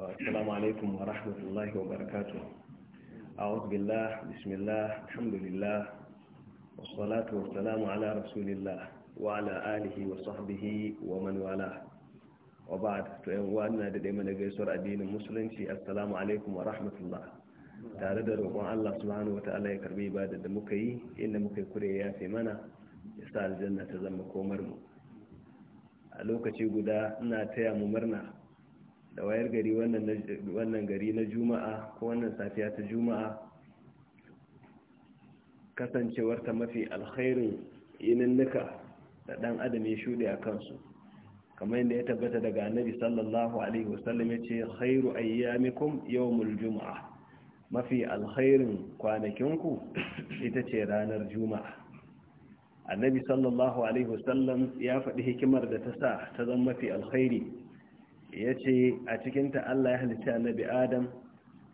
السلام عليكم ورحمة الله وبركاته أعوذ بالله بسم الله الحمد لله والصلاة والسلام على رسول الله وعلى آله وصحبه ومن والاه وبعد وأنا دائما mana gaisuwar addinin musulunci assalamu alaikum wa tare da roƙon Allah subhanahu wa ta'ala ya karbi ibada da muka yi inda muka yi kure ya fi mana ya sa aljanna ta zama komar mu a lokaci guda ina taya mu murna da wayar gari wannan gari na juma'a ko wannan safiya ta juma'a kasancewarta mafi alkhairin yininnika da ɗan adam ya shuɗe a kansu kamar yadda ya tabbata daga annabi sallallahu alaihi wasallam ya ce khairu ayyamikum yawmul juma'a mafi alkhairin kwanakinku ita ce ranar juma'a annabi sallallahu alaihi wasallam ya faɗi hikimar da ta sa ta zama mafi alkhairi ya ce a cikinta Allah ya halitta annabi Adam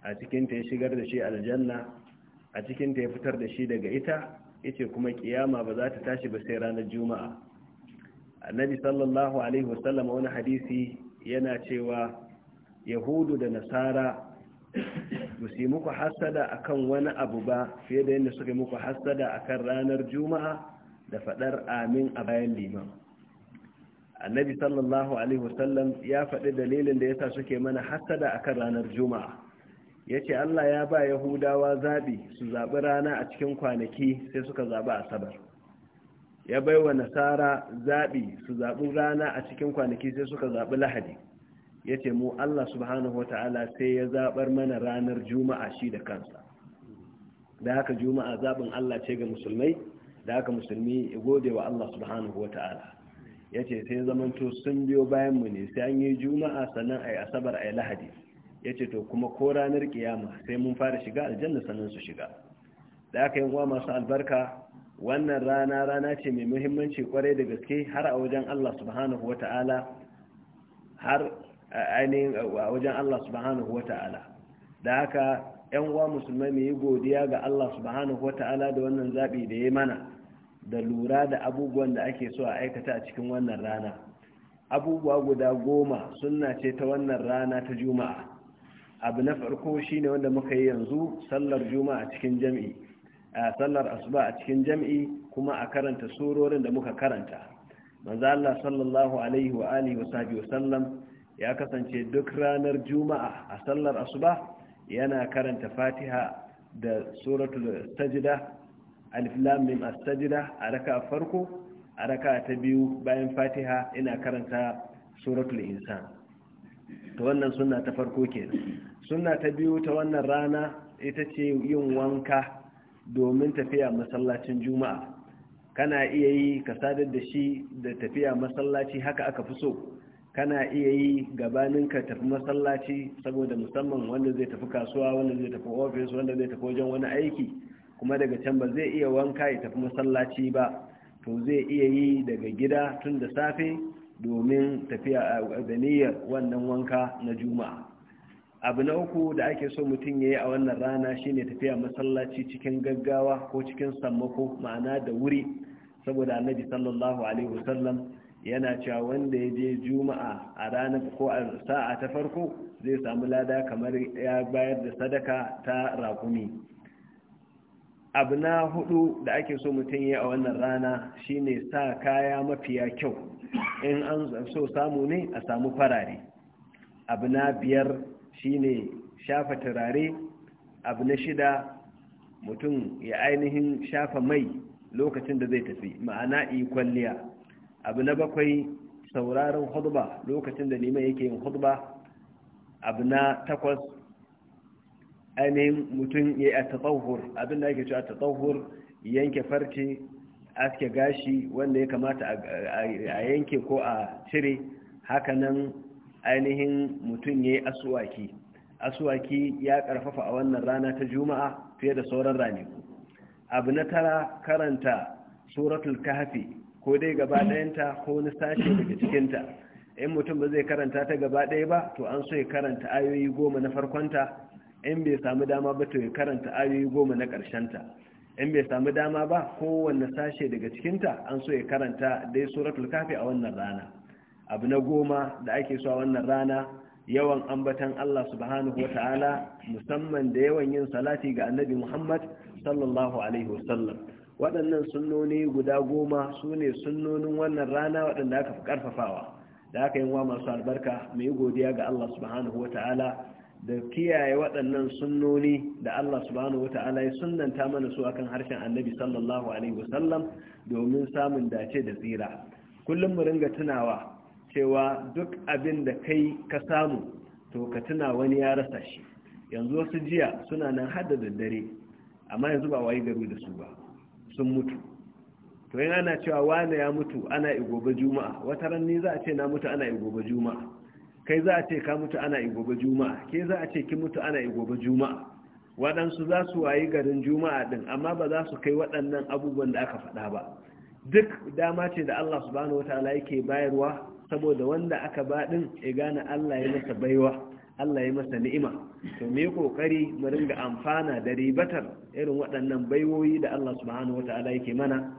a cikinta ya shigar da shi aljanna a cikinta ya fitar da shi daga ita ya kuma kiyama ba za ta tashi ba sai ranar juma'a annabi sallallahu alaihi wasallam wani hadisi yana cewa yahudu da nasara ba su yi muku hassada akan wani abu ba fiye da yadda suka yi muku hassada akan ranar juma'a da faɗar amin a bayan liman annabi sallallahu alaihi wasallam ya faɗi dalilin da yasa suke mana hasada akan ranar juma'a yace Allah ya ba yahudawa zabi su zaɓi rana a cikin kwanaki sai suka zaɓi asabar ya bai wa nasara zaɓi su zaɓi rana a cikin kwanaki sai suka zaɓi lahadi yace mu Allah subhanahu wataala sai ya zabar mana ranar juma'a shi da kansa da haka juma'a zaɓin Allah ce ga musulmai da haka musulmi ya gode wa Allah subhanahu wataala ya ce sai zamanto sun biyo bayan mu ne sai an yi juma'a sannan a yi asabar a lahadi ya ce to kuma ko ranar kiyama sai mun fara shiga aljanna sannan su shiga da aka yi masu albarka wannan rana rana ce mai muhimmanci kwarai da gaske har a wajen Allah subhanahu wata'ala har ainihin a wajen Allah subhanahu wata'ala da haka yan uwa musulmai mai yi godiya ga Allah subhanahu wata'ala da wannan zaɓi da ya mana da lura da abubuwan da ake so a aikata a cikin wannan rana abubuwa guda goma suna ce ta wannan rana ta juma'a abu na farko shine wanda muka yi yanzu sallar juma'a cikin jam'i a sallar asuba a cikin jam'i kuma a karanta surorin da muka karanta manzo Allah sallallahu alaihi wa alihi wa sallam ya kasance duk ranar juma'a a sallar asuba yana karanta fatiha da suratul sajda alif lam mim a raka farko a raka ta biyu bayan fatiha ina karanta suratul insan to wannan sunna ta farko ke sunna ta biyu ta wannan rana ita ce yin wanka domin tafiya masallacin juma'a kana iya yi ka sadar da shi da tafiya masallaci haka aka fi so kana iya yi gabanin ka tafi masallaci saboda musamman wanda zai tafi kasuwa wanda zai tafi ofis wanda zai tafi wajen wani aiki kuma daga can ba zai iya wanka ya tafi masallaci ba to zai iya yi daga gida tun da safe domin tafiya eh, da niyyar wannan wanka na juma'a abu na uku da ake so mutum ya yi a wannan rana shine tafiya masallaci cikin gaggawa ko cikin sammako ma'ana da wuri saboda annabi sallallahu alaihi wasallam yana cewa wanda ya je juma'a a ranar ko a sa'a ta farko zai samu lada kamar ya bayar da sadaka ta rakumi abu na hudu da ake so mutum yi a wannan rana shine sa kaya mafiya kyau in an so samu ne a samu farare abu na biyar shine shafa turare abu na shida mutum ya ainihin shafa mai lokacin da zai tafi ma'ana kwalliya abu na bakwai sauraron hudba lokacin da neman yake yin hudba abu na takwas ainihin mutum ya yi a tatsauhur abinda ake cewa tatsauhur yanke farce aske gashi wanda ya kamata a yanke ko a cire hakanan ainihin mutum ya yi asuwaki asuwaki ya karfafa a wannan rana ta juma'a fiye da sauran ranaku abu na tara karanta suratul kahfi ko dai gaba ɗayanta ko wani sashe daga cikinta in mutum ba zai karanta ta gaba ɗaya ba to an so ya karanta ayoyi goma na farkonta in bai samu dama ba to ya karanta ayoyi goma na ta in bai samu dama ba kowanne sashe daga cikinta an so ya karanta dai suratul kafi a wannan rana abu na goma da ake so a wannan rana yawan ambatan Allah subhanahu wa ta'ala musamman da yawan yin salati ga annabi Muhammad sallallahu alaihi wasallam waɗannan sunnoni guda goma su ne sunnonin wannan rana waɗanda aka fi ƙarfafawa da aka yi wa masu albarka mai godiya ga Allah subhanahu wa ta'ala da kiyaye waɗannan sunnoni da Allah subhanahu ta'ala ya sunnanta mana su akan harshen annabi sallallahu alaihi wasallam domin samun dace da tsira kullum mu ringa tunawa cewa duk abin da kai ka samu to ka tuna wani ya rasa shi yanzu wasu jiya suna nan har da daddare amma yanzu ba wayi gari da su ba sun mutu to ana cewa wani ya mutu ana igoba juma'a wata ranni ni za a ce na mutu ana igoba juma'a kai za a ce ka mutu ana yi gobe juma'a ke za a ce ki mutu ana yi gobe juma'a waɗansu za su wayi garin juma'a ɗin amma ba za su kai waɗannan abubuwan da aka faɗa ba duk dama ce da Allah subhanahu wataala yake bayarwa saboda wanda aka ba ɗin ya gane Allah ya masa baiwa Allah ya masa ni'ima to me kokari mu ringa amfana da ribatar irin waɗannan baiwoyi da Allah subhanahu wataala yake mana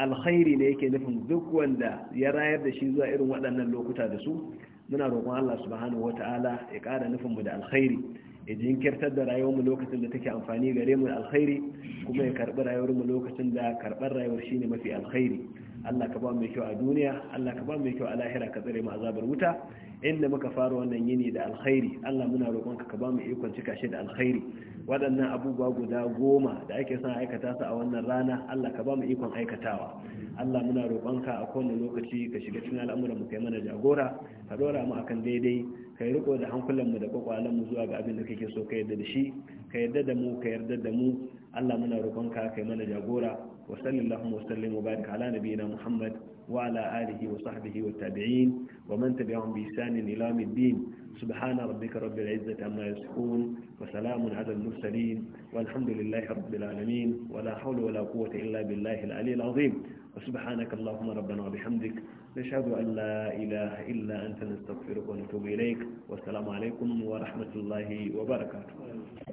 alkhairi ne yake nufin duk wanda ya rayar da shi zuwa irin waɗannan lokuta da su muna roƙon Allah subhanahu wata'ala ya ƙara nufin mu da alkhairi ya jinkirtar da rayuwar mu lokacin da take amfani gare mu alkhairi kuma ya karɓi rayuwar mu lokacin da karɓar rayuwar shine mafi alkhairi Allah ka ba mu kyau a duniya Allah ka ba mu kyau a lahira ka tsare mu azabar wuta inda muka fara wannan yini da alkhairi Allah muna roƙonka ka ba mu ikon cika shi da alkhairi waɗannan abubuwa guda goma da ake son aikata su a wannan rana Allah ka ba mu ikon aikatawa Allah muna roƙonka a kowane lokaci ka shiga cikin al'amuran mu kai mana jagora ka dora mu akan daidai ka yi riko da hankulan mu da kwakwalan mu zuwa ga abin da kake so ka yarda da shi ka yarda da mu ka yarda da mu Allah muna roƙonka kai mana jagora wa sallallahu wa sallim wa barik ala nabiyina Muhammad wa ala alihi wa sahbihi wa tabi'in wa man tabi'ahum bi ihsan ila yawm din subhana rabbika rabbil izzati amma yasifun wa salamun ala al mursalin walhamdulillahi rabbil alamin wa la hawla wa la quwwata illa billahi al ali al azim wa subhanaka allahumma rabbana wa bihamdik nashhadu an la ilaha illa anta nastaghfiruka wa natubu ilayk wa assalamu alaykum wa rahmatullahi wa barakatuh